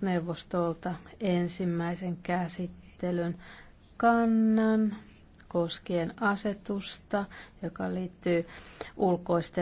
neuvostolta ensimmäisen käsittelyn kannan koskien asetusta, joka liittyy ulkoisten